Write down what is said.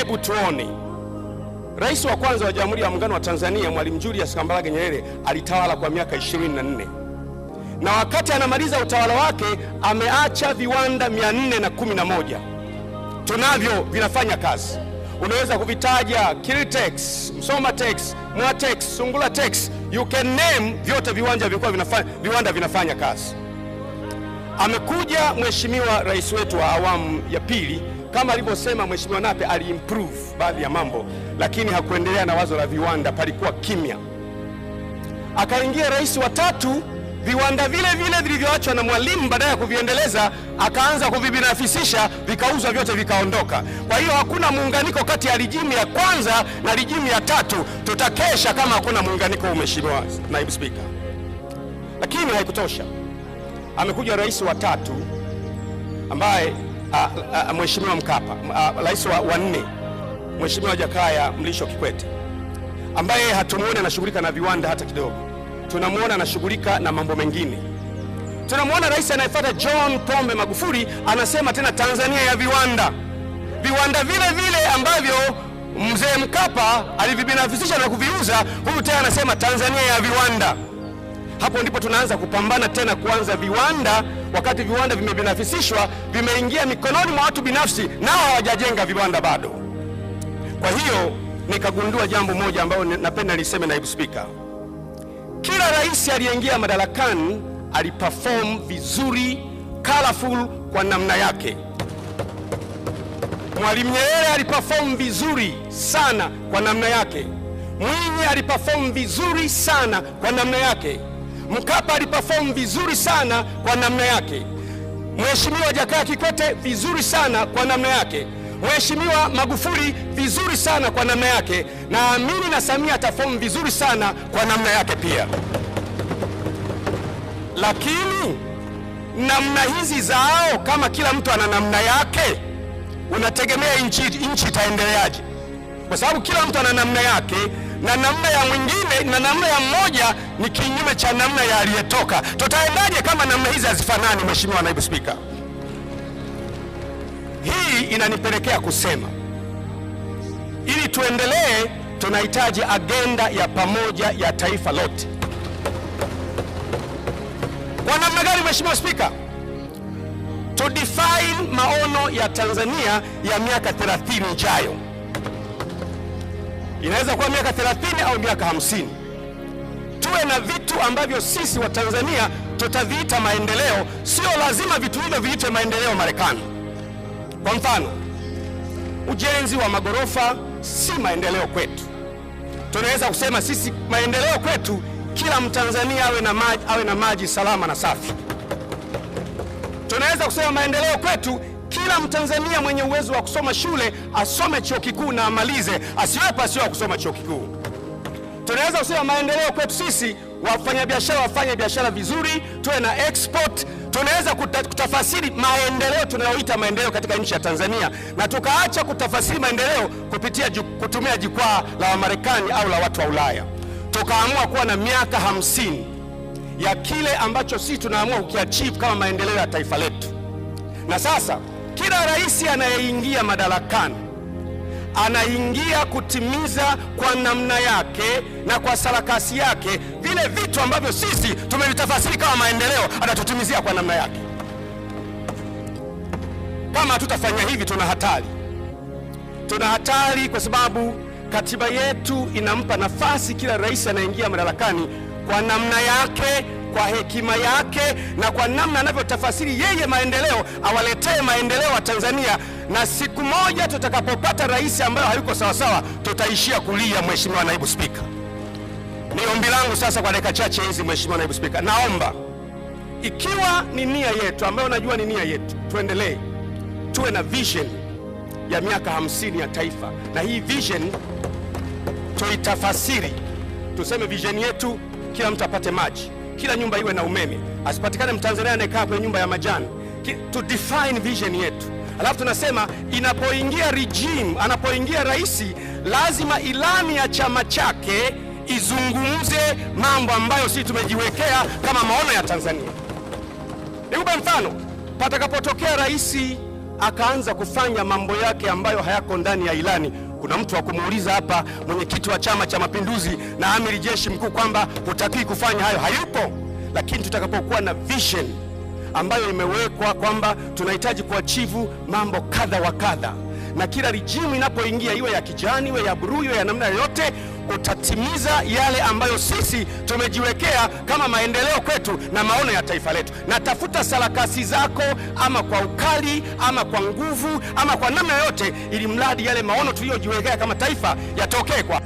Hebu tuone, rais wa kwanza wa Jamhuri ya Muungano wa Tanzania Mwalimu Julius Kambarage Nyerere alitawala kwa miaka 24 na wakati anamaliza utawala wake ameacha viwanda 411 tunavyo vinafanya kazi unaweza kuvitaja Kilitex, Msomatex, Mwatex, Sungulatex, you can name vyote viwanja vilikuwa vinafanya, viwanda vinafanya kazi. Amekuja mheshimiwa rais wetu wa awamu ya pili, kama alivyosema mheshimiwa Nape, aliimprove baadhi ya mambo, lakini hakuendelea na wazo la viwanda, palikuwa kimya. Akaingia rais wa tatu, viwanda vile vile vilivyoachwa na Mwalimu, badala ya kuviendeleza akaanza kuvibinafisisha, vikauzwa vyote, vikaondoka. Kwa hiyo hakuna muunganiko kati ya rijimu ya kwanza na rijimu ya tatu. Tutakesha kama hakuna muunganiko, mheshimiwa naibu spika, lakini haikutosha amekuja rais wa tatu ambaye mheshimiwa Mkapa, rais wa nne mheshimiwa Jakaya Mlisho Kikwete, ambaye hatumuoni anashughulika na viwanda hata kidogo, tunamwona anashughulika na mambo mengine. Tunamwona rais anayefuata John Pombe Magufuli anasema tena Tanzania ya viwanda, viwanda vile vile ambavyo mzee Mkapa alivibinafisisha na kuviuza, huyu tena anasema Tanzania ya viwanda. Hapo ndipo tunaanza kupambana tena kuanza viwanda, wakati viwanda vimebinafisishwa, vimeingia mikononi mwa watu binafsi, nao hawajajenga viwanda bado. Kwa hiyo nikagundua jambo moja ambalo napenda niseme, naibu spika, kila rais aliyeingia madarakani aliperform vizuri, colorful kwa namna yake. Mwalimu Nyerere aliperform vizuri sana kwa namna yake. Mwinyi aliperform vizuri sana kwa namna yake. Mkapa aliperform vizuri sana kwa namna yake. Mheshimiwa Jakaya Kikwete vizuri sana kwa namna yake. Mheshimiwa Magufuli vizuri sana kwa namna yake. Naamini na Samia atafomu vizuri sana kwa namna yake pia. Lakini namna hizi zao, kama kila mtu ana namna yake, unategemea nchi itaendeleaje? Kwa sababu kila mtu ana namna yake na namna ya mwingine na namna ya mmoja ni kinyume cha namna ya aliyetoka. Tutaendaje kama namna hizi hazifanani? Mheshimiwa Naibu Spika, hii inanipelekea kusema ili tuendelee, tunahitaji agenda ya pamoja ya taifa lote. Kwa namna gani, Mheshimiwa Spika? To define maono ya Tanzania ya miaka 30 ijayo inaweza kuwa miaka 30 au miaka 50. Tuwe na vitu ambavyo sisi Watanzania tutaviita maendeleo. Sio lazima vitu hivyo viitwe maendeleo Marekani. Kwa mfano, ujenzi wa magorofa si maendeleo kwetu. Tunaweza kusema sisi maendeleo kwetu kila Mtanzania awe na maji, awe na maji salama na safi. Tunaweza kusema maendeleo kwetu kila Mtanzania mwenye uwezo wa kusoma shule asome chuo kikuu na amalize, asiwepo asiwa kusoma chuo kikuu. Tunaweza kusema maendeleo kwetu sisi, wafanyabiashara wafanye biashara vizuri, tuwe na export tunaweza kutafasiri maendeleo tunayoita maendeleo katika nchi ya Tanzania na tukaacha kutafasiri maendeleo kupitia kutumia jukwaa la Wamarekani au la watu wa Ulaya. Tukaamua kuwa na miaka hamsini ya kile ambacho sisi tunaamua kukiachieve kama maendeleo ya taifa letu, na sasa kila rais anayeingia madarakani anaingia kutimiza kwa namna yake na kwa sarakasi yake vile vitu ambavyo sisi tumevitafasiri kama maendeleo, anatutimizia kwa namna yake. Kama hatutafanya hivi, tuna hatari, tuna hatari kwa sababu katiba yetu inampa nafasi kila rais anayeingia madarakani kwa namna yake kwa hekima yake na kwa namna anavyotafasiri yeye maendeleo, awaletee maendeleo wa Tanzania. Na siku moja tutakapopata rais ambayo hayuko sawasawa, tutaishia kulia. Mheshimiwa Naibu Spika, ni ombi langu sasa kwa dakika chache hizi. Mheshimiwa Naibu Spika, naomba ikiwa ni nia yetu ambayo najua ni nia yetu, tuendelee tuwe na vision ya miaka hamsini ya taifa, na hii vision tuitafasiri, tuseme vision yetu, kila mtu apate maji kila nyumba iwe na umeme, asipatikane mtanzania anayekaa kwenye nyumba ya majani. To define vision yetu, alafu tunasema inapoingia regime, anapoingia rais, lazima ilani ya chama chake izungumze mambo ambayo sisi tumejiwekea kama maono ya Tanzania. Nikupe mfano, patakapotokea rais akaanza kufanya mambo yake ambayo hayako ndani ya ilani kuna mtu wa kumuuliza hapa mwenyekiti wa Chama cha Mapinduzi na amiri jeshi mkuu kwamba hutakii kufanya hayo, hayupo. Lakini tutakapokuwa na vision ambayo imewekwa kwamba tunahitaji kuachivu mambo kadha wa kadha, na kila rijimu inapoingia iwe ya kijani, iwe ya buruu, iwe ya namna yoyote utatimiza yale ambayo sisi tumejiwekea kama maendeleo kwetu na maono ya taifa letu. natafuta sarakasi zako, ama kwa ukali, ama kwa nguvu, ama kwa namna yoyote, ili mradi yale maono tuliyojiwekea kama taifa yatokee kwa